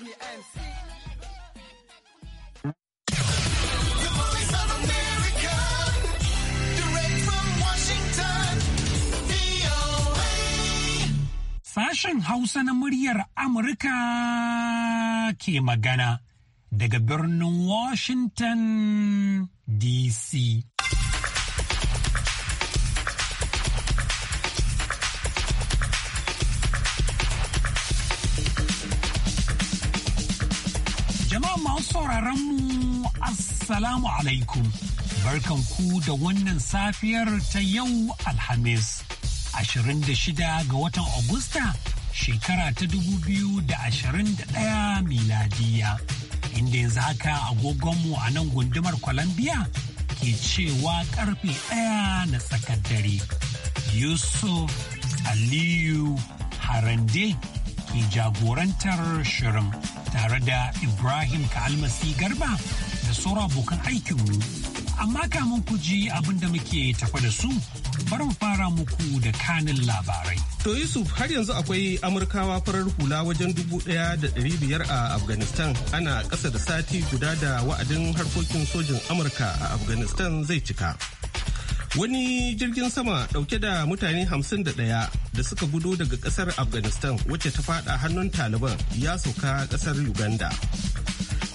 Many MC. Sashen Hausa na muryar Amurka ke magana daga birnin Washington DC. sauraronmu Assalamu alaikum. ku da wannan safiyar ta yau Alhamis, 26 ga watan Agusta shekara ta 2021 miladiya. Inda yanzu haka agogonmu a nan gundumar Colombia ke cewa karfe ɗaya na tsakar dare. Yusuf Aliyu Harande ke jagorantar shirin. tare da Ibrahim Kalmasi Garba da sauran abokan aikinmu. Amma kamun ku ji abin da muke tafa da su, bari mu fara muku da kanin labarai. To Yusuf har yanzu akwai Amurkawa farar hula wajen dubu ɗaya da ɗari biyar a Afghanistan ana ƙasa da sati guda da wa'adin harkokin sojin Amurka a Afghanistan zai cika. wani jirgin sama dauke da mutane 51 da suka gudu daga kasar afghanistan wacce ta fada hannun taliban ya sauka kasar uganda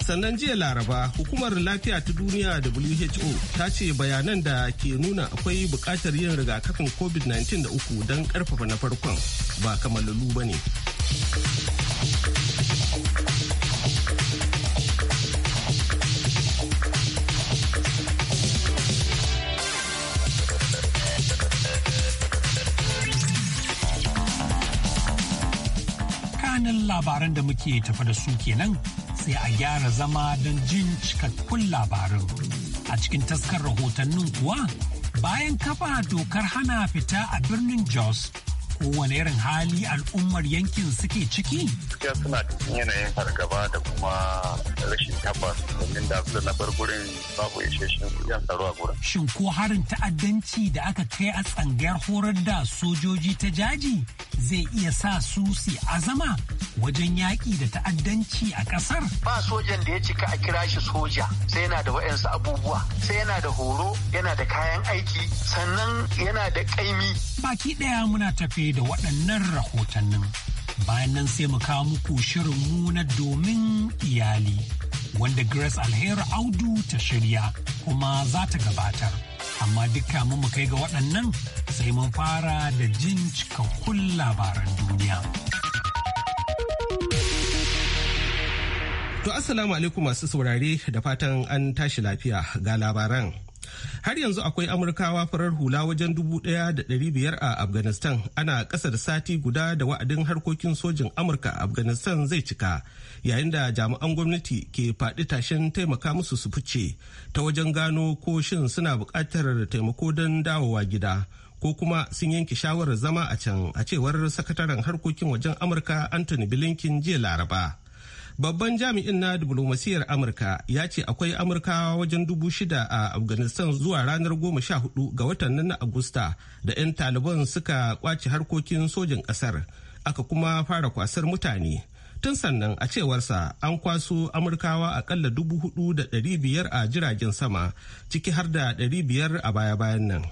sannan jiya laraba hukumar lafiya ta duniya who ta ce bayanan da ke nuna akwai bukatar yin rigakafin covid-19 da uku don karfafa na farkon ba kamalalu ba ne labaran da muke tafa da su kenan sai a gyara zama don jin cikakkun labarin. A cikin taskar rahotannin kuwa bayan kafa dokar hana fita a birnin Jos kowane irin hali al'ummar yankin suke ciki? suna cikin yanayin fargaba da kuma rashin tabbas domin da na bar gurin babu shi yan tsaro a gurin. Shin ko harin ta'addanci da aka kai a tsangayar horar da sojoji ta jaji zai iya sa su su azama wajen yaƙi da ta'addanci a ƙasar? Ba sojan da ya cika a kira shi soja sai yana da wa'yansu abubuwa sai yana da horo yana da kayan aiki sannan yana da ƙaimi. Baki ɗaya muna tafe da waɗannan rahotannin. Bayan nan sai mu kawo muku shirin muna domin iyali. wanda Grace Alheri Audu ta shirya kuma za ta gabatar. Amma dukka mu kai ga waɗannan sai mun fara da jin cikakkun labaran duniya. To Assalamu alaikum masu saurare da fatan an tashi lafiya ga labaran. har yanzu akwai amurkawa farar hula wajen dubu ɗaya da ɗari biyar a afghanistan ana ƙasa da sati guda da wa'adin harkokin sojin amurka a afghanistan zai cika yayin da jami'an gwamnati ke faɗi tashen taimaka musu su fice ta wajen gano ko shin suna buƙatar taimako don dawowa gida ko kuma sun yanke shawarar zama a can a cewar sakataren harkokin wajen amurka anthony blinken jiya laraba babban jami'in na diplomasiyar amurka ya ce akwai amurkawa wajen dubu shida a afghanistan zuwa ranar goma sha hudu ga watan nan na agusta da 'yan taliban suka kwace harkokin sojin kasar aka kuma fara kwasar mutane tun sannan a cewarsa an kwaso amurkawa akalla dubu hudu da dari biyar a jiragen sama ciki har da dari biyar a baya-bayan nan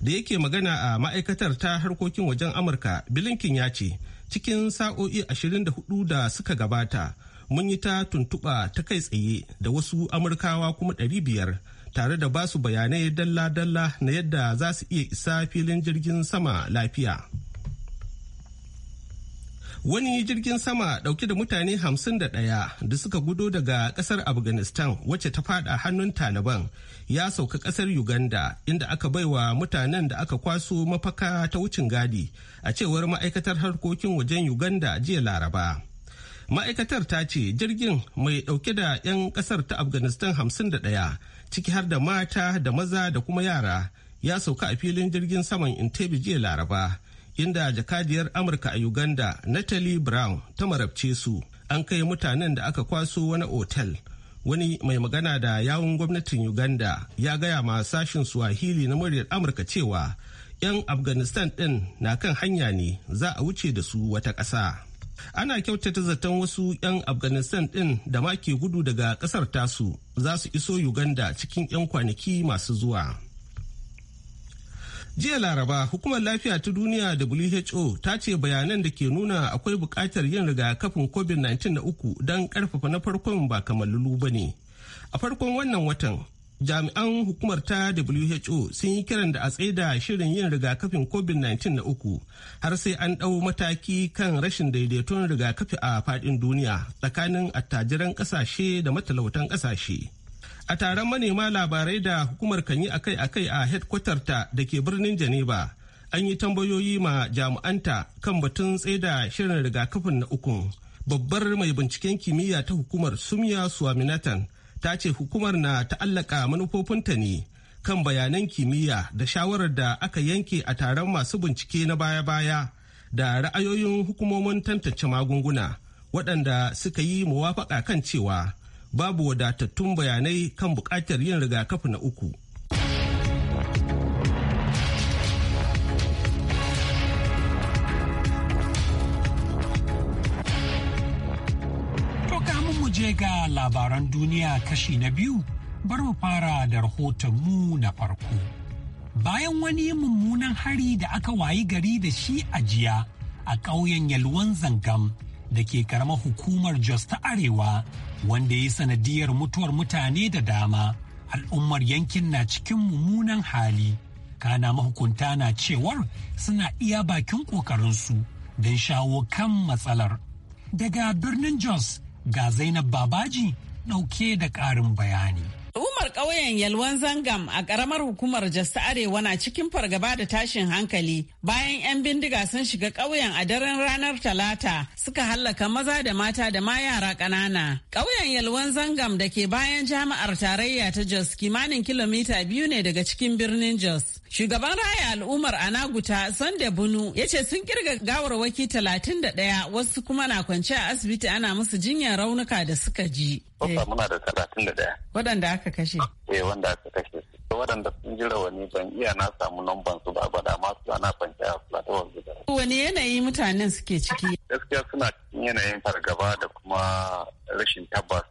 da yake magana a ma'aikatar ta harkokin wajen amurka bilinkin ya ce cikin sa'o'i 24 da suka gabata mun yi ta tuntuɓa ta kai tsaye da wasu amurkawa kuma 500 tare da basu bayanai dalla-dalla na yadda za su iya isa filin jirgin sama lafiya. wani jirgin sama dauke da mutane 51 da suka gudo daga kasar afghanistan wacce ta fada hannun taliban ya sauka kasar uganda inda aka baiwa mutanen da aka kwaso mafaka ta wucin gadi a cewar ma'aikatar harkokin wajen uganda jiya laraba ma'aikatar ta ce jirgin mai dauke da 'yan kasar ta afghanistan 51 ciki har da mata da maza da kuma yara ya sauka a filin jirgin saman intebi jiya laraba inda jakadiyar amurka a uganda natalie brown ta marabce su an kai mutanen da aka kwaso wani otel wani mai magana da yawun gwamnatin uganda ya gaya ma sashin swahili na muryar amurka cewa 'yan afghanistan din na kan hanya ne za a wuce da su wata ƙasa ana kyautata zaton wasu 'yan afghanistan din da ma ke gudu daga ƙasar tasu za su iso uganda cikin 'yan kwanaki masu zuwa jiya laraba hukumar lafiya ta duniya who ta ce bayanan da ke nuna akwai bukatar yin rigakafin covid-19 na uku don ƙarfafa na farkon ba kamalulu ba ne a farkon wannan watan jami'an hukumar ta who sun yi kiran da a tsaida shirin yin rigakafin covid-19 na uku har sai an ɗau mataki kan rashin daidaiton rigakafi a faɗin duniya tsakanin attajiran ƙasashe da matalautan ƙasashe a taron manema labarai da hukumar kan yi akai-akai a ta da ke birnin Geneva an yi tambayoyi ma jami'anta kan batun tsaida shirin rigakafin na ukun babbar mai binciken kimiyya ta hukumar sumya suwaminatan ta ce hukumar na ta'allaka manufofinta ne kan bayanan kimiyya da shawarar da aka yanke a taron masu bincike na baya-baya da ra'ayoyin hukumomin tantance magunguna waɗanda suka yi muwafaƙa kan cewa babu wadatattun bayanai kan buƙatar yin rigakafi na uku. je ga labaran duniya kashi na biyu bar mu fara da rahoton mu na farko. Bayan wani mummunan hari da aka wayi gari da shi a jiya a ƙauyen Yalwan Zangam da ke karamar hukumar Jos ta Arewa wanda ya yi sanadiyar mutuwar mutane da dama al'ummar yankin na cikin mummunan hali kana mahukunta na cewar suna iya bakin ƙoƙarinsu don shawo kan matsalar daga birnin jos ga zainab babaji ɗauke da ƙarin bayani Umar ƙauyen Yalwan Zangam a ƙaramar hukumar Jos Arewa na cikin fargaba da tashin hankali bayan 'yan bindiga sun shiga ƙauyen a daren ranar Talata suka hallaka maza da mata da ma yara ƙanana. Ƙauyen Yalwan Zangam da ke bayan jami'ar tarayya ta Jos kimanin kilomita biyu ne daga cikin birnin Jos. Shugaban raya al'ummar Anaguta Sande Bunu ya ce sun kirga gawarwaki 31 wasu kuma na kwance a asibiti ana musu jinyar raunuka da suka ji. Wata eh. muna da 31. Waɗanda aka kashe? Eh wanda aka kashe. Waɗanda sun ji rawani ban iya na samu namban su ba gwada masu ana kwance a platawar gida. Wani yanayi mutanen suke ciki? Gaskiya suna cikin yanayin fargaba da kuma rashin tabbas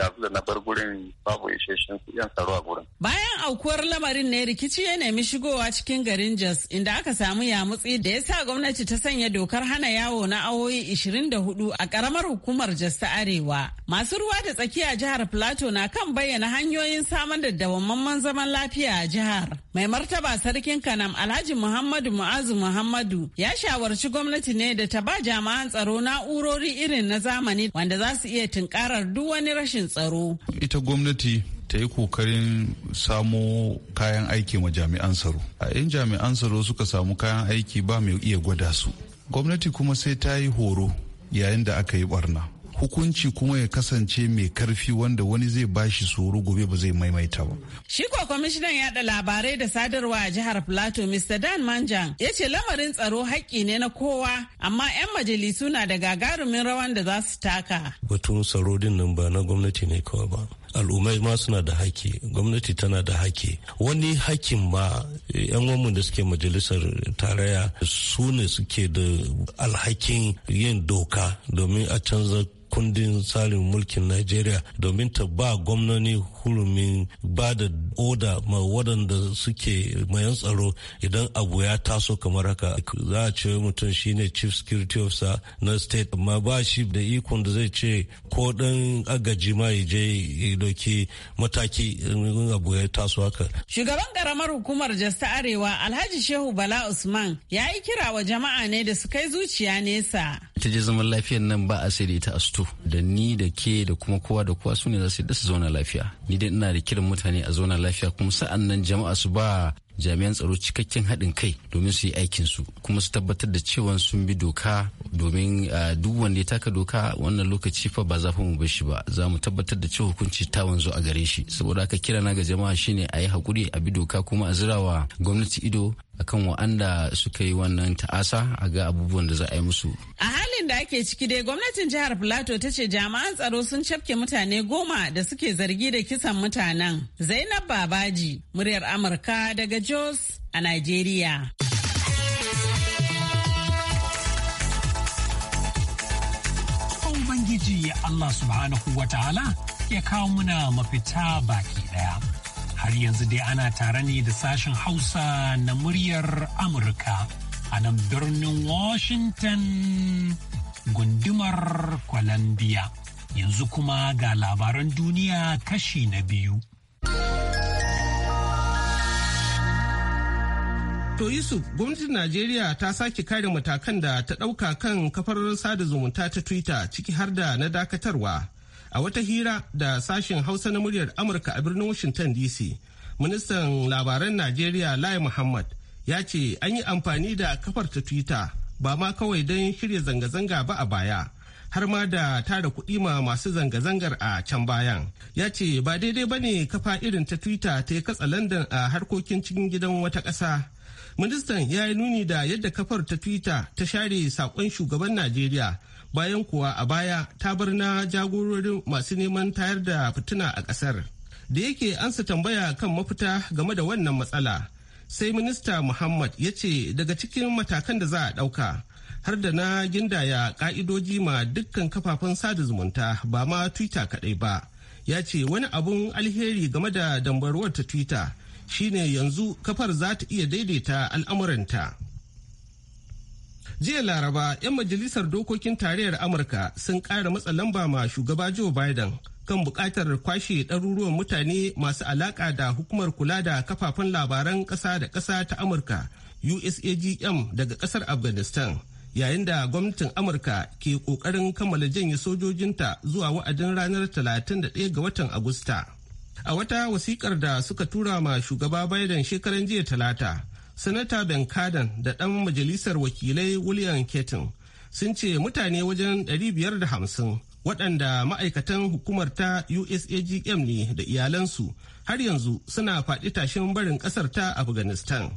da na bar gurin babu isheshen yan tsaro a gurin. Bayan aukuwar lamarin ne rikici ya nemi shigowa cikin garin Jos inda aka samu yamutsi da ya sa gwamnati ta sanya dokar hana yawo na awoyi 24 a karamar hukumar Jos ta Arewa. Masu ruwa da tsakiya jihar Plateau na kan bayyana hanyoyin samar da dawamamman zaman lafiya a jihar. Mai martaba sarkin Kanam Alhaji Muhammadu Mu'azu Muhammadu ya shawarci gwamnati ne da ta ba jama'an tsaro na'urori irin na zamani wanda za su iya tunkarar duk wani rashin tsaro. Ita gwamnati ta yi kokarin samo kayan aiki ma jami'an tsaro. A yin jami'an tsaro suka samu kayan aiki ba mai iya gwada su. Gwamnati kuma sai ta yi horo yayin da aka yi barna. hukunci kuma ya kasance mai karfi wanda wani zai bashi tsoro gobe ba zai maimaita ba. Shi ko kwamishinan yada labarai da sadarwa a jihar Plateau Mr. Dan Manjan ya ce lamarin tsaro haƙƙi ne na kowa amma 'yan majalisu na da gagarumin rawan da za su taka. Batun tsaro din nan ba na gwamnati ne kawai ba. al'ummai ma suna da haki gwamnati tana da haki wani hakin ma yan eh, wamu da suke majalisar tarayya su ne suke da alhakin yin doka domin a canza kundin tsarin mulkin Nigeria domin ta ba gwamnani hurumin ba da oda ma waɗanda suke mayan tsaro idan abu ya taso kamar haka za a ce mutum shine chief security officer na state amma ba shi da ikon da zai ce ko ɗan agaji ma ya je doki mataki in abu ya taso haka. Shugaban karamar hukumar Jasta Arewa Alhaji Shehu Bala Usman ya yi kira wa jama'a ne da su kai zuciya nesa. ta je zaman lafiyar nan ba a sai da ita asto da ni da ke da kuma kowa da kowa su ne za su yi zauna lafiya. Ni dai ina da kiran mutane a zauna lafiya kuma sa'an nan jama'a su ba jami'an tsaro cikakken haɗin kai domin su yi su kuma su tabbatar da cewa sun bi doka domin duk wanda ya taka doka wannan lokaci fa ba za mu bar shi ba za mu tabbatar da cewa hukunci ta wanzu a gare shi saboda haka kira na ga jama'a shine a yi hakuri a bi doka kuma a zirawa gwamnati ido akan wa'anda suka yi wannan ta'asa a ga abubuwan da za a yi musu. A halin da ake ciki dai gwamnatin jihar Filato ta ce jami'an tsaro sun cafke mutane goma da suke zargi da kisan mutanen. Zainab Babaji, muryar Amurka daga Jos a Najeriya. Ubangiji Allah subhanahu wa ta'ala ya kawo muna mafita baki daya. har yanzu dai ana tare ne da sashen hausa na muryar amurka a nan birnin washington gundumar columbia yanzu kuma ga labaran duniya kashi na biyu To Yusuf, gwamnatin Najeriya ta sake kare matakan da ta ɗauka kan kafar sada zumunta ta Twitter ciki har da na dakatarwa A wata hira da sashen Hausa na muryar Amurka a birnin Washington DC, ministan labaran Najeriya Lai Muhammad ya ce an yi amfani da kafar ta Twitter ba ma kawai don shirya zanga-zanga ba a baya. har ma da tara kuɗi ma masu zanga-zangar a can bayan ya ce ba daidai ba ne kafa irin ta twitter ta yi katsa london a harkokin cikin gidan wata ƙasa ministan ya yi nuni da yadda kafar ta twitter ta share saƙon shugaban najeriya bayan kuwa a baya ta bar na jagororin masu neman tayar da fituna a ƙasar. Da yake ansa tambaya kan mafita game da wannan matsala, sai minista Muhammad ya ce daga cikin matakan da za a ɗauka har da na gindaya ƙa'idoji ma dukkan kafafen sada zumunta ba ma Twitter kaɗai ba. Ya ce wani abun alheri game da dambarwar ta Twitter shine yanzu kafar za ta iya daidaita al'amuranta. jiya laraba 'yan majalisar dokokin tarayyar amurka sun ƙara matsa lamba ma shugaba joe biden kan buƙatar kwashe ɗaruruwan mutane masu alaƙa da hukumar kula da kafafen labaran ƙasa da ƙasa ta amurka usagm daga ƙasar afghanistan yayin da gwamnatin amurka ke ƙoƙarin kammala janye sojojinta zuwa wa'adin ranar 31 ga watan agusta a wata wasikar da suka tura ma shugaba biden shekaran jiya talata Sanata Ben kadan da ɗan majalisar wakilai William Ketin sun ce mutane wajen 550 waɗanda ma'aikatan hukumar ta USAGM ne da iyalansu har yanzu suna faɗi tashin barin ƙasar ta Afghanistan.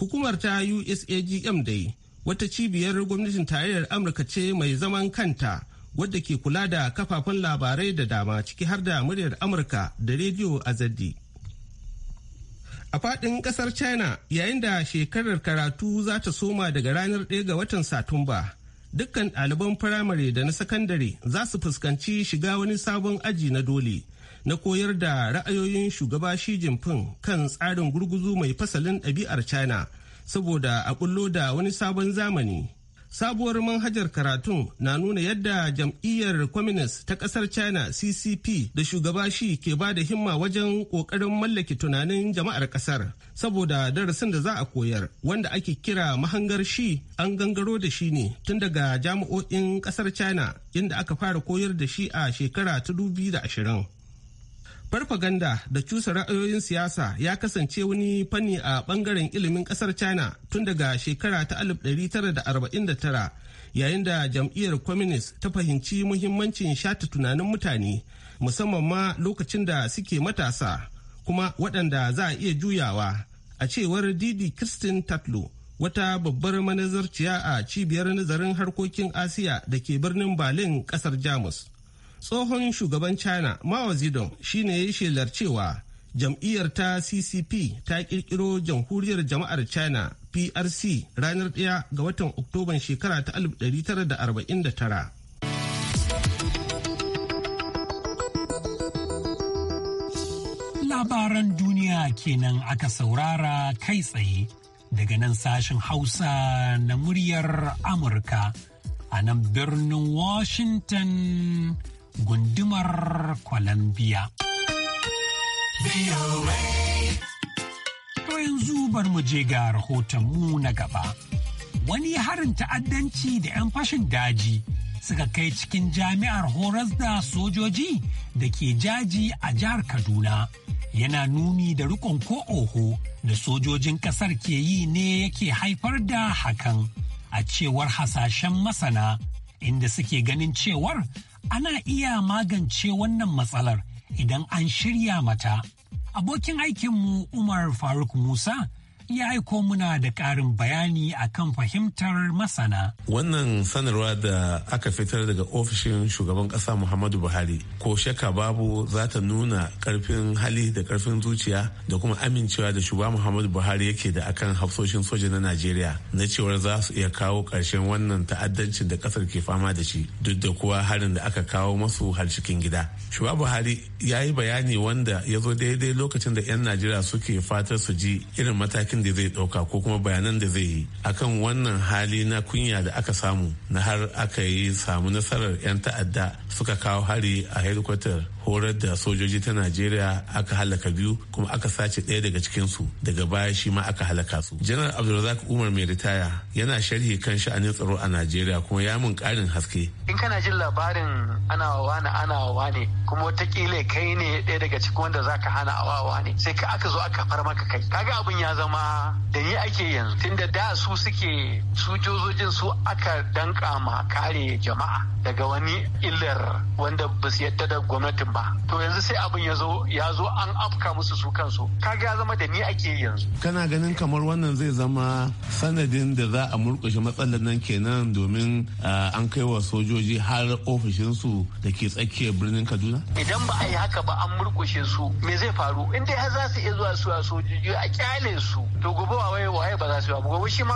Hukumar ta USAGM dai wata cibiyar gwamnatin tarayyar Amurka ce mai zaman kanta wadda ke kula da kafafen labarai da dama ciki har da muryar Amurka da rediyo Azadi. a faɗin ƙasar china yayin da shekarar karatu za ta soma daga ranar 1 ga watan satumba dukkan ɗaliban firamare da na sakandare za su fuskanci shiga wani sabon aji na dole na koyar da ra'ayoyin shugaba shi jinfin kan tsarin gurguzu mai fasalin ɗabi'ar china saboda a kullo da wani sabon zamani sabuwar manhajar karatun na nuna yadda jam'iyyar communist ta kasar china ccp da shugaba shi ke ba da himma wajen kokarin mallake tunanin jama'ar kasar saboda darasin da za a koyar wanda ake kira mahangar shi an gangaro da shi ne tun daga jami'o'in kasar china inda aka fara koyar da shi a shekara ta farfaganda da cusa ra'ayoyin siyasa ya kasance wani fanni a bangaren ilimin kasar china tun daga shekara ta 1949 yayin da jam'iyyar communist ta fahimci muhimmancin shata tunanin mutane musamman ma lokacin da suke matasa kuma waɗanda za a iya juyawa a cewar didi kristin tatlo wata babbar manazarciya a cibiyar nazarin harkokin asiya da ke birnin berlin kasar jamus tsohon shugaban china mao zedong shine ya shelar cewa jam'iyyar ta ccp ta kirkiro jamhuriyar jama'ar china prc ranar 1 ga watan oktoban shekara ta 1949 labaran duniya kenan aka saurara kai tsaye daga nan sashen hausa na muryar amurka a nan birnin washington gundumar Columbia. To yanzu bar mu je ga rahotonmu na gaba. Wani harin ta'addanci da 'yan fashin daji suka kai cikin jami'ar horas da sojoji da ke jaji a jihar Kaduna. Yana nuni da rikon ko oho da sojojin kasar ke yi ne yake haifar da hakan a cewar hasashen masana inda suke ganin cewar ana iya magance wannan matsalar idan an shirya mata. Abokin aikinmu Umar Faruk Musa ya aiko muna da ƙarin bayani a kan fahimtar masana. Wannan sanarwa da aka fitar daga ofishin shugaban ƙasa Muhammadu Buhari ko shakka babu za ta nuna ƙarfin hali da ƙarfin zuciya da kuma amincewa da shugaba Muhammadu Buhari yake da akan hafsoshin soja na Najeriya na cewar za su iya kawo ƙarshen wannan ta'addancin da ƙasar ke fama da shi duk da kuwa harin da aka kawo masu har cikin gida. Shugaba Buhari ya yi bayani wanda ya zo daidai lokacin da 'yan Najeriya suke fatar su ji irin matakin matakin da zai ɗauka ko kuma bayanan da zai yi akan wannan hali na kunya da aka samu na har aka yi samu nasarar 'yan ta'adda suka kawo hari a helikwatar horar da sojoji ta najeriya aka halaka biyu kuma aka sace ɗaya daga cikinsu daga baya shi ma aka halaka su janar abdulrazak umar mai ritaya yana sharhi kan sha'anin tsaro a najeriya kuma ya mun ƙarin haske in kana jin labarin ana wani ana wani kuma watakila kai ne ɗaya daga cikin wanda zaka hana awawa ne sai ka aka zo aka far maka kai kaga abin ya zama da ni ake yanzu tunda da su suke sojojin su aka danka ma kare jama'a daga wani illar wanda ba su yadda da gwamnatin ba ba to yanzu sai abin ya zo ya zo an afka musu su kansu ka ya zama da ni ake yanzu kana ganin kamar wannan zai zama sanadin da za a murkushe matsalar nan kenan domin ah, an kai wa sojoji har ofishin su da ke tsakiyar birnin kaduna idan ba a yi haka ba an murkushe su me zai faru in dai har za su iya zuwa su a sojoji a kyale su to gobe wa waye waye ba za su ba gobe shi ma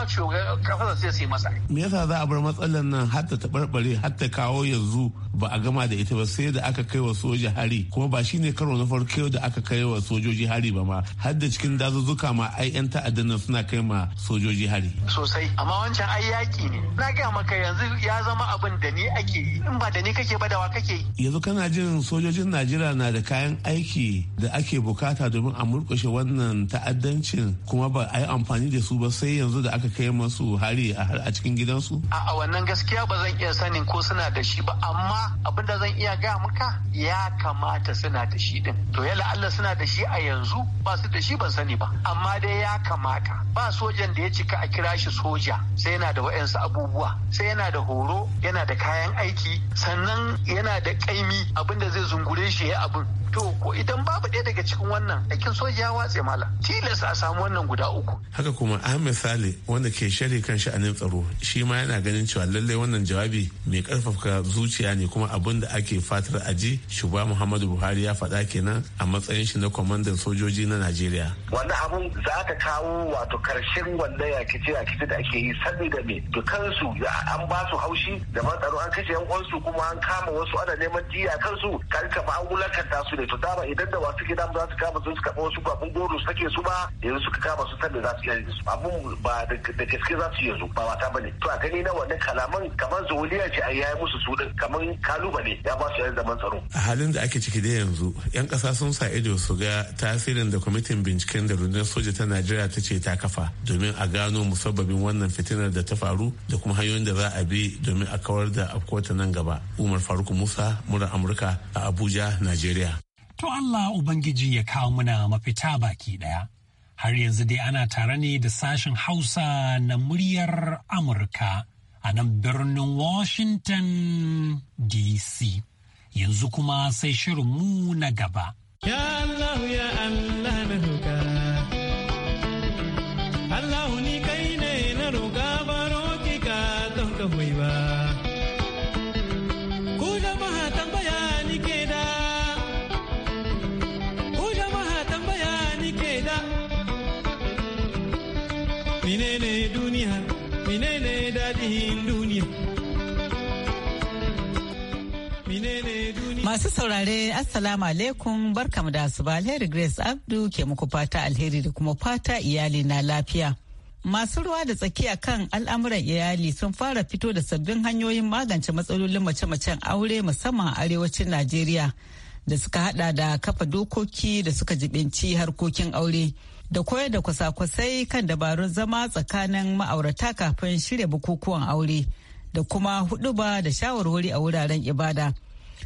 kafa sai su yi masa me yasa za a bar matsalar nan har ta tabarbare har ta kawo yanzu ba a gama da ita ba sai da aka kai wa sojoji sojoji hari kuma ba shine karo na farko da aka kai wa sojoji hari ba ma har da cikin dazuzzuka ma ai yan ta'addan nan suna kai ma sojoji hari sosai amma wancan ai yaki ne na ga maka yanzu ya zama abin da ni ake yi in ba da ni kake ba da wa kake yanzu kana jin sojojin Najeriya na da kayan aiki da ake bukata domin a murkushe wannan ta'addancin kuma ba ai amfani da su ba sai yanzu da aka kai masu hari a cikin gidansu? A wannan gaskiya ba zan iya sanin ko suna da shi ba amma abin da zan iya gaya maka ya kamata suna da shi din to ya la'alla suna da shi a yanzu ba su da shi ban sani ba amma dai ya kamata ba sojan da ya cika a kira shi soja sai yana da wayansu abubuwa sai yana da horo yana da kayan aiki sannan yana da kaimi abinda zai zungure shi ya abin to ko idan babu ɗaya daga cikin wannan aikin soja ya watse mala tilas a samu wannan guda uku haka kuma ahmed sale wanda ke shari kan sha'anin tsaro shi ma yana ganin cewa lallai wannan jawabi mai karfafa zuciya ne kuma abun da ake fatar a ji shugaba muhammadu buhari ya faɗa kenan a matsayin shi na kwamandan sojoji na najeriya wannan abun za ta kawo wato karshen wanda yakice yakice da ake yi da me dukansu an ba su haushi da matsaro an kashe yan kuma an kama wasu ana neman jiya kansu karka ba an wulakanta su ne to dama idan da wasu gida za su kama sun su kaɓa wasu babun goro su take su ba yanzu suka kama su sanda za su yi su amma ba da gaske za su yanzu ba wata bane to a gani na wannan kalaman kamar zuliya ce ai yayi musu su kamar kalubale ya ba su yan zaman tsaro a halin da ake ciki da yanzu yan kasa sun sa ido su ga tasirin da kwamitin binciken da rundunar soja ta Najeriya ta ce ta kafa domin a gano musabbabin wannan fitinar da ta faru da kuma hanyoyin da za a bi domin a kawar da afkota nan gaba Umar Faruk Musa murar Amurka a Abuja Najeriya To Allah Ubangiji ya kawo mana mafita baki ɗaya. Har yanzu dai ana tare ne da sashen Hausa na muryar Amurka a nan birnin Washington DC. Yanzu kuma sai shirinmu na gaba. Ya Allah ya Allah na Allah ni Masu saurare Assalamu alaikum barkamu da ba alheri Grace Abdu ke muku fata alheri da kuma fata iyali na lafiya. Masu ruwa da tsakiya kan al'amuran iyali sun fara fito da sabbin hanyoyin magance matsalolin mace-macen aure musamman a arewacin Najeriya da suka hada da kafa dokoki da suka jibinci harkokin aure da koyar da kwasa-kwasai kan dabarun zama tsakanin ma'aurata kafin shirya bukukuwan aure da kuma huduba da shawarwari a wuraren ibada.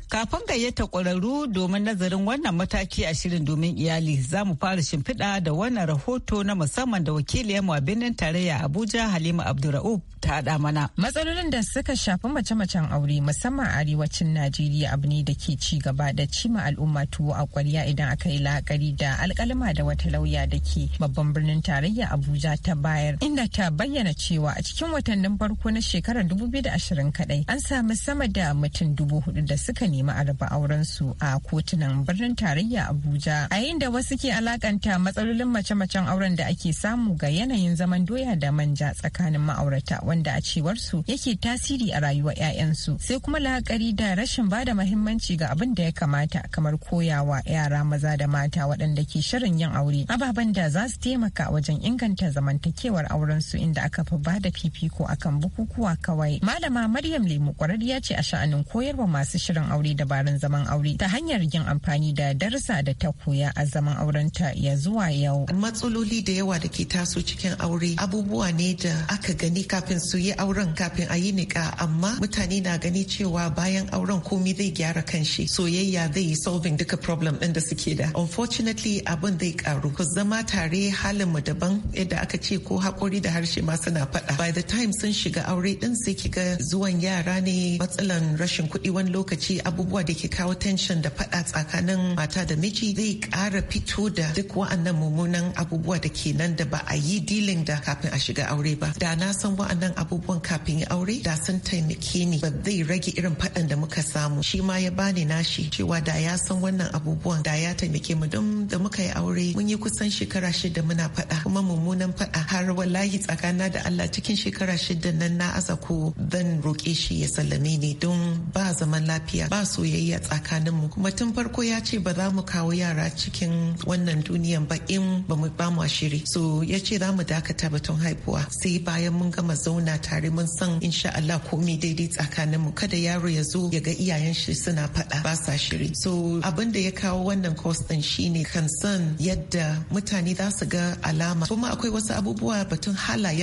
Kafin gayyata kwararru domin nazarin wannan mataki a shirin domin iyali za mu fara shimfiɗa da wannan rahoto na musamman da wakiliyarmu a birnin tarayya Abuja Halima Abdulra'ub ta haɗa mana. Matsalolin da suka shafi mace-macen aure musamman arewacin Najeriya abu ne da ke ci gaba da cima al'umma tuwo a kwarya idan aka yi la'akari da alkalama da wata lauya da ke babban birnin tarayya Abuja ta bayar inda ta bayyana cewa a cikin watannin farko na shekarar 2020 kaɗai an sami sama da mutum dubu hudu da suka suka nemi a raba aurensu a kotunan birnin tarayya Abuja. A yayin da wasu ke alakanta matsalolin mace-macen auren da ake samu ga yanayin zaman doya da manja tsakanin ma'aurata wanda a cewarsu yake tasiri a rayuwar 'ya'yansu. Sai kuma la'akari da rashin bada mahimmanci ga abin da ya kamata kamar koyawa yara maza da mata waɗanda ke shirin yin aure ababen da za su taimaka wajen inganta zamantakewar aurensu inda aka fi bada fifiko akan bukukuwa kawai. Malama Maryam Lemu kwararriya ce a sha'anin koyarwa masu shirin aure dabarun zaman aure ta hanyar yin amfani da darsa da ta koya a zaman aurenta ya zuwa yau. Matsaloli da yawa da ke taso cikin aure abubuwa ne da aka gani kafin su yi auren kafin a yi niƙa amma mutane na gani cewa bayan auren komi zai gyara kanshi soyayya zai yi solving duka problem ɗin da suke da. Unfortunately abin zai karu ku zama tare halin mu daban yadda aka ce ko haƙori da harshe ma suna faɗa. By the time sun shiga aure ɗin sai kiga zuwan yara ne matsalan rashin kuɗi wani lokaci abubuwa da ke kawo tension da fada tsakanin mata da miji zai kara fito da duk wa'annan mummunan abubuwa da ke nan da ba a yi dealing da kafin a shiga aure ba da na san wa'annan abubuwan kafin ya aure da sun taimake ni ba zai rage irin faɗan da muka samu shi ma ya bani nashi cewa da ya san wannan abubuwan da ya taimake mu don da muka yi aure mun yi kusan shekara shida muna faɗa kuma mummunan faɗa har wallahi tsakana da Allah cikin shekara shida nan na aza ko zan roƙe shi ya sallame ni don ba zaman lafiya ba soyayya tsakanin mu. kuma tun farko ya ce ba za mu kawo yara cikin wannan duniyan ba in ba mu ba mu shiri so ya ce za mu dakata batun haihuwa sai bayan mun gama zauna tare mun san insha Allah komai daidai tsakanin mu. kada yaro ya zo ya ga iyayen shi suna faɗa ba sa shiri so abin da ya kawo wannan course din shine concern yadda mutane za su ga alama kuma akwai wasu abubuwa batun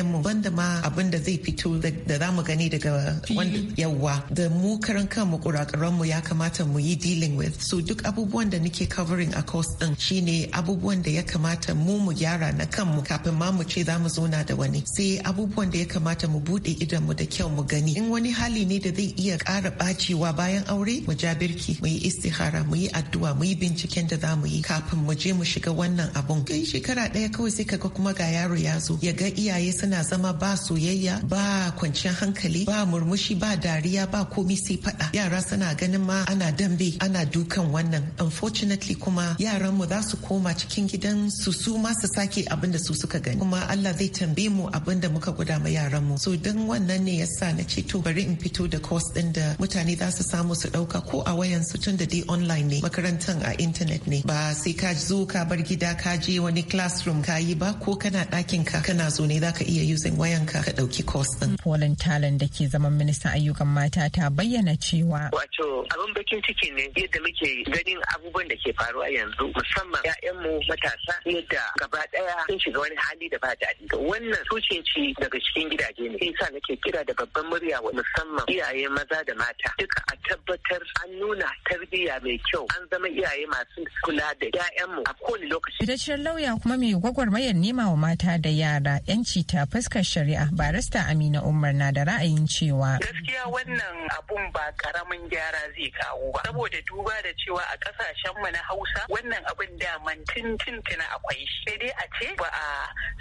mu. banda ma abin da zai fito da za mu gani daga wanda yawa da mu karan kanmu kurakuran mu ya kamata mu yi dealing with so duk abubuwan da nake covering a course din shine abubuwan da ya kamata mu mu gyara na kanmu kafin ma mu ce za mu zauna da wani sai abubuwan da ya kamata mu bude idan mu da kyau mu gani in wani hali ne da zai iya ƙara bacewa bayan aure mu ja birki mu yi istihara mu yi addu'a mu yi binciken da za mu yi kafin mu je mu shiga wannan abun kai shekara ɗaya kawai sai kaga kuma ga yaro ya zo ya ga iyaye suna zama ba soyayya ba kwanciyar hankali ba murmushi ba dariya ba komi sai faɗa yara suna ganin ma ana dambe ana dukan wannan unfortunately kuma yaran mu za su koma cikin gidan su su ma su sake abin da su suka gani kuma Allah zai tambaye mu abin da muka guda ma yaran mu so dan wannan ne yasa na ce to bari in fito da course din da mutane za su samu su dauka ko a wayan su tun da dai online ne makarantar a internet ne ba sai ka zo ka bar gida ka je wani classroom ka yi ba ko kana ɗakin ka kana zo ne zaka iya using wayan ka ka dauki course din. Walin Talan da ke zaman ministan ayyukan mata ta bayyana cewa. Wato abin bakin ciki ne yadda muke ganin abubuwan da ke faruwa yanzu musamman mu matasa yadda gaba ɗaya sun shiga wani hali da ba daɗi. Wannan ci daga cikin gidaje ne. yasa nake kira da babban murya wa musamman iyaye maza da mata duka a tabbatar an nuna tarbiyya mai kyau an zama iyaye masu kula da 'ya'yanmu a kowane lokaci. Fitaccen lauya kuma mai gwagwarmayar nema wa mata da yara 'yanci ta fuskar shari'a barista Amina Umar na da ra'ayin cewa. Gaskiya wannan abun ba karamin gyara zai kawo ba saboda duba da cewa a kasashen mu na Hausa wannan abin da tintintina akwai shi sai dai a ce ba a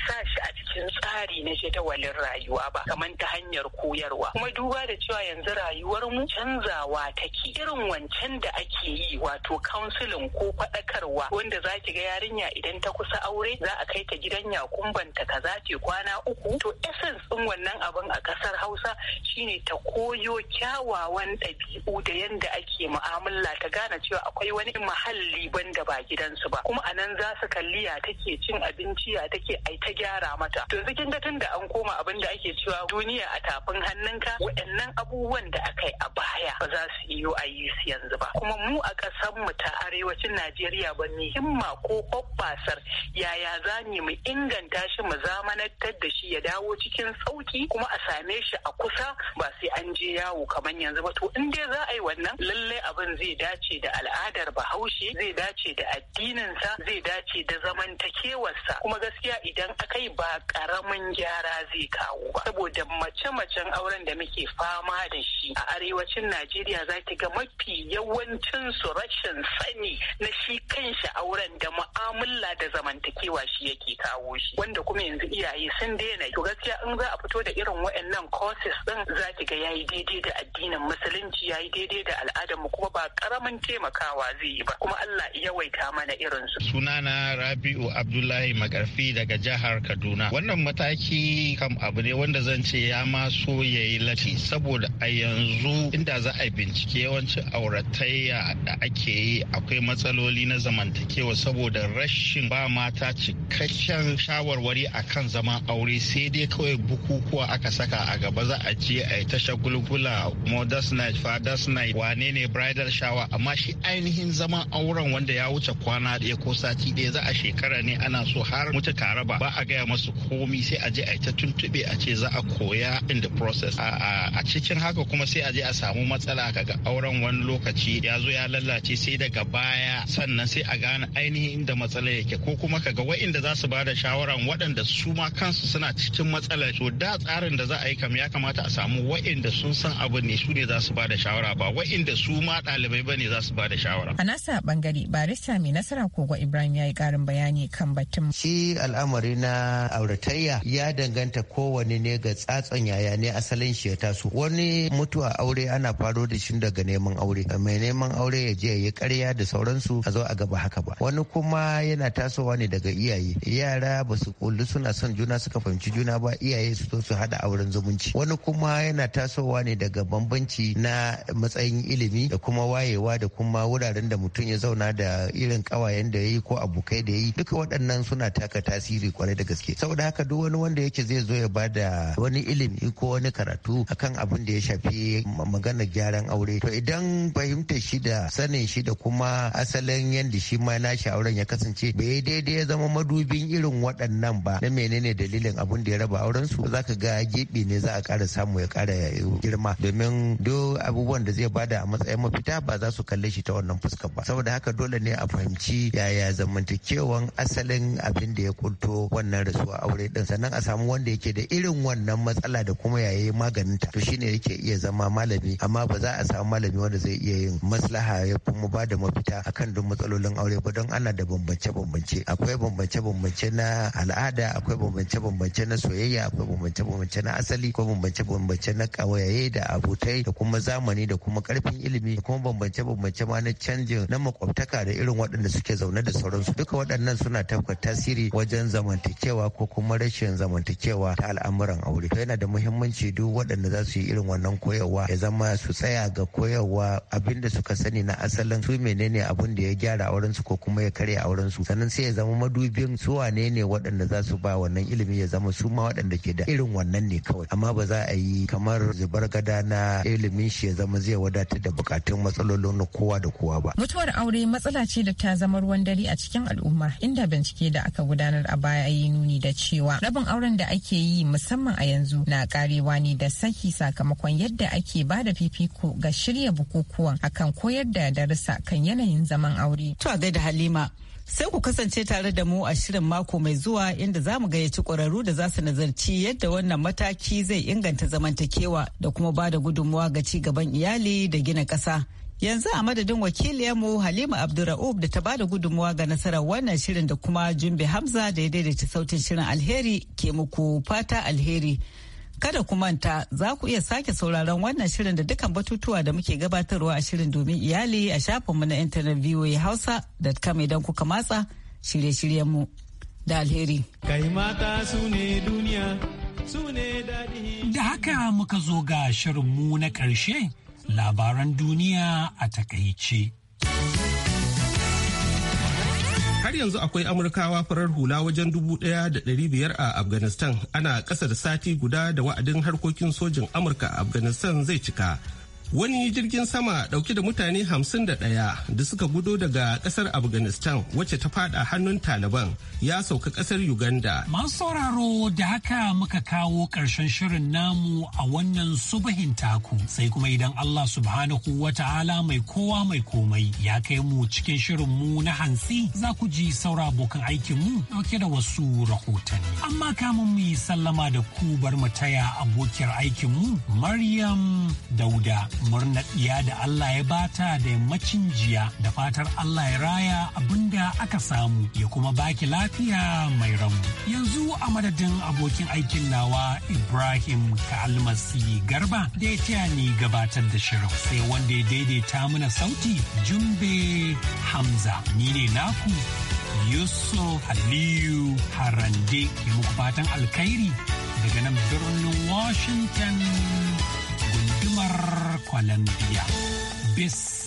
sa shi a cikin tsari na jadawalin rayuwa ba kamar ta hanyar koyarwa kuma duba da cewa yanzu rayuwar mu canzawa take irin wancan da ake yi wato counseling ko faɗakarwa wanda za ki ga yarinya idan ta kusa aure za a kai ta gidan yakumban ta za kwana uku to essence din wannan abin a kasar Hausa shine ta koyo kyawawan ɗabi'u da inda ake mu'amala ta gane cewa akwai wani muhalli banda ba gidansu ba kuma anan za su kalli ya take cin abinci ya take ai ta gyara mata to yanzu kin ga tunda an koma abin da ake cewa duniya a tafin hannunka waɗannan abubuwan da aka yi a baya ba za su iyo a yi su yanzu ba kuma mu a ƙasar mu ta arewacin Najeriya ba ne himma ko kwabbasar! yaya za mu inganta shi mu zamanantar da shi ya dawo cikin sauki kuma a same shi a kusa ba sai an je yawo kamar yanzu ba to in dai za a yi nan lalle abin zai dace da al'adar bahaushe zai dace da addininsa zai dace da zamantakewarsa kuma gaskiya idan akai ba karamin gyara zai kawo ba saboda mace-macen auren da muke fama da shi a arewacin najeriya za ki ga mafi yawancin su rashin sani na shi kanshi auren da mu'amala da zamantakewa shi yake kawo shi wanda kuma yanzu iyaye sun daina to gaskiya in za a fito da irin waɗannan courses din za ki ga yayi daidai da addinin musulunci yayi daidai da da al'adarmu kuma ba karamin taimakawa zai yi ba kuma Allah yawaita mana irin su. Sunana Rabi'u Abdullahi Makarfi daga jihar Kaduna. Wannan mataki kam abu ne wanda zan ce ya ma so ya lati saboda a yanzu inda za a bincike yawancin auratayya da ake yi akwai matsaloli na zamantakewa saboda rashin ba mata cikakken shawarwari akan zaman aure sai dai kawai bukukuwa aka saka a gaba za a je a yi ta shagulgula mother's night fathers night Wanene wane ne bridal shower amma shi ainihin zaman auren wanda ya wuce kwana ɗaya ko sati ɗaya za a shekara ne ana so har mutu raba ba a gaya masu komi sai a je a ta tuntuɓe a ce za a koya in the process a cikin haka kuma sai a je a samu matsala kaga auren wani lokaci ya zo ya lallace sai daga baya sannan sai a gane ainihin inda matsala yake ko kuma kaga wa'inda za su bada shawaran waɗanda su ma kansu suna cikin matsala to da tsarin da za a yi kam ya kamata a samu wa'inda sun san abu ne su ne za su bada shawara ba wa'inda su ma ɗalibai bane za su ba da shawara. A nasa bangare barista mai nasara kogo Ibrahim ya yi ƙarin bayani kan batun. Shi al'amari na auratayya ya danganta kowane ne ga tsatson yaya ne asalin shi ya taso. Wani mutuwa aure ana faro da shi daga neman aure. Mai neman aure ya je ya karya da sauransu a zo a gaba haka ba. Wani kuma yana tasowa ne daga iyaye. Yara ba su kulli suna son juna suka fahimci juna ba iyaye su zo su haɗa auren zumunci. Wani kuma yana tasowa ne daga bambanci na matsayin yanayin ilimi da kuma wayewa da kuma wuraren da mutum ya zauna da irin kawayen da ya yi ko abokai da ya yi duka waɗannan suna taka tasiri kwarai da gaske saboda haka duk wani wanda yake zai zo ya ba da wani ilimi ko wani karatu akan abin da ya shafi maganar gyaran aure to idan fahimtar shi da sanin shi da kuma asalin yadda shi ma nashi auren ya kasance bai daidai ya zama madubin irin waɗannan ba na menene dalilin abin da ya raba auren su zaka ga gibi ne za a ƙara samu ya ƙara girma domin duk abubuwan da zai ba bada a matsayin mafita ba za su kalle shi ta wannan fuska ba saboda haka dole ne a fahimci yaya zamantakewan asalin abin da ya kunto wannan rasuwa aure din sannan a samu wanda yake da irin wannan matsala da kuma yaya yayi maganinta to shine yake iya zama malami amma ba za a samu malami wanda zai iya yin maslaha ya kuma bada da mafita akan duk matsalolin aure ba don ana da bambance-bambance akwai bambance-bambance na al'ada akwai bambance-bambance na soyayya akwai bambance-bambance na asali akwai bambance-bambance na kawayaye da abotai da kuma zamani da kuma karfin ilimi da kuma bambance-bambance ma na canjin na makwabtaka da irin waɗanda suke zaune da sauransu duka waɗannan suna tafka tasiri wajen zamantakewa ko kuma rashin zamantakewa ta al'amuran aure to yana da muhimmanci duk waɗanda za su yi irin wannan koyarwa ya zama su tsaya ga koyarwa abin suka sani na asalin su menene abin da ya gyara auren su ko kuma ya karya auren su sannan sai ya zama madubin su wane ne waɗanda za su ba wannan ilimi ya zama su ma waɗanda ke da irin wannan ne kawai amma ba za a yi kamar zubar gada na ilimin shi ya zama zai wada wadata da bukatun matsalolin na kowa da kowa ba. Mutuwar aure matsala ce da ta zama ruwan dare a cikin al'umma inda bincike da aka gudanar a baya yi nuni da cewa rabin auren da ake yi musamman a yanzu na karewa ne da saki sakamakon yadda ake ba da fifiko ga shirya bukukuwan akan koyar da darussa kan yanayin zaman aure. To a gaida Halima. Sai ku kasance tare da mu a shirin mako mai zuwa inda za mu gayyaci ƙwararru da za su nazarci yadda wannan mataki zai inganta zamantakewa da kuma ba da gudunmuwa ga ci gaban iyali da gina ƙasa. Yanzu a madadin wakiliyarmu Halima Abdulra'ub da ta ba da gudunmuwa ga nasarar wannan shirin da kuma Jumbe Hamza da ya daidaita sautin shirin alheri ke muku fata alheri. Kada ku manta za ku iya sake sauraron wannan shirin da dukkan batutuwa da muke gabatarwa a shirin domin iyali a shafinmu na intanet hausa.com idan kuka matsa shirye-shiryenmu da alheri. Kai Da haka muka zo ga shirin mu na ƙarshe labaran duniya a takaice. har yanzu akwai amurkawa farar hula wajen dubu ɗaya da ɗari biyar a afghanistan ana ƙasa da sati guda da wa'adin harkokin sojin amurka a afghanistan zai cika wani jirgin sama dauke da mutane 51 da suka gudo daga kasar afghanistan wacce ta fada hannun taliban ya sauka kasar uganda masu sauraro da haka muka kawo karshen shirin namu a wannan subahin taku sai kuma idan allah subhanahu wa ta'ala mai kowa mai komai ya kai mu cikin shirin mu na hansi za ku ji saura abokan aikin mu dauke da wasu rahotanni amma kamun mu yi sallama da ku bar mu taya abokiyar aikin mu maryam dauda murnar ɗiya da Allah ya bata da yammacin jiya da fatar Allah ya raya abinda aka samu ya kuma baki lafiya mai ramu. Yanzu a madadin abokin aikin nawa Ibrahim Kalmasi Garba da ya taya ni gabatar da shirin sai wanda ya daidaita mana sauti Jumbe Hamza. Ni ne naku Yusuf Aliyu Harande ke muku fatan alkhairi daga nan birnin Washington gundumar Columbia. Bis